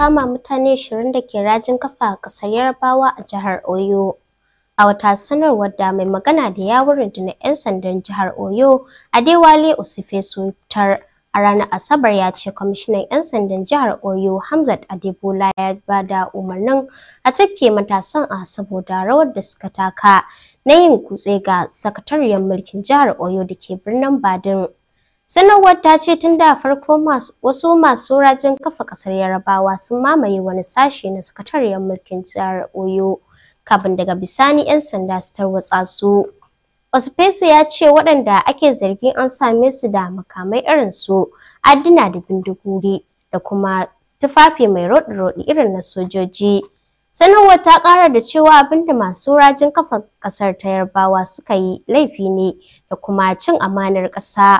kama mutane 20 da ke rajin kafa a ƙasar Yarbawa a jihar Oyo. A wata sanarwar da mai magana da yawun rundunar 'yan sandan jihar Oyo, Adewale Osife Sutar, a ranar Asabar ya ce kwamishinan 'yan sandan jihar Oyo Hamzat Adebola ya ba da umarnin a tafke matasan a saboda rawar da suka taka na yin kutse ga sakatariyar mulkin jihar Oyo da ke birnin Badin. Sanarwar ta ce tun da farko wasu masu rajin kafa ƙasar Yarabawa sun mamaye wani sashe na sakatariyar mulkin jihar Oyo kafin daga bisani 'yan sanda su tarwatsa su. feso ya ce waɗanda ake zargin an same su da makamai irin su adina da bindiguri da kuma tufafi mai roɗi-roɗi irin na sojoji. Sanarwar ta ƙara da cewa abinda masu rajin kafa ƙasar ta Yarbawa suka yi laifi ne da kuma cin amanar ƙasa.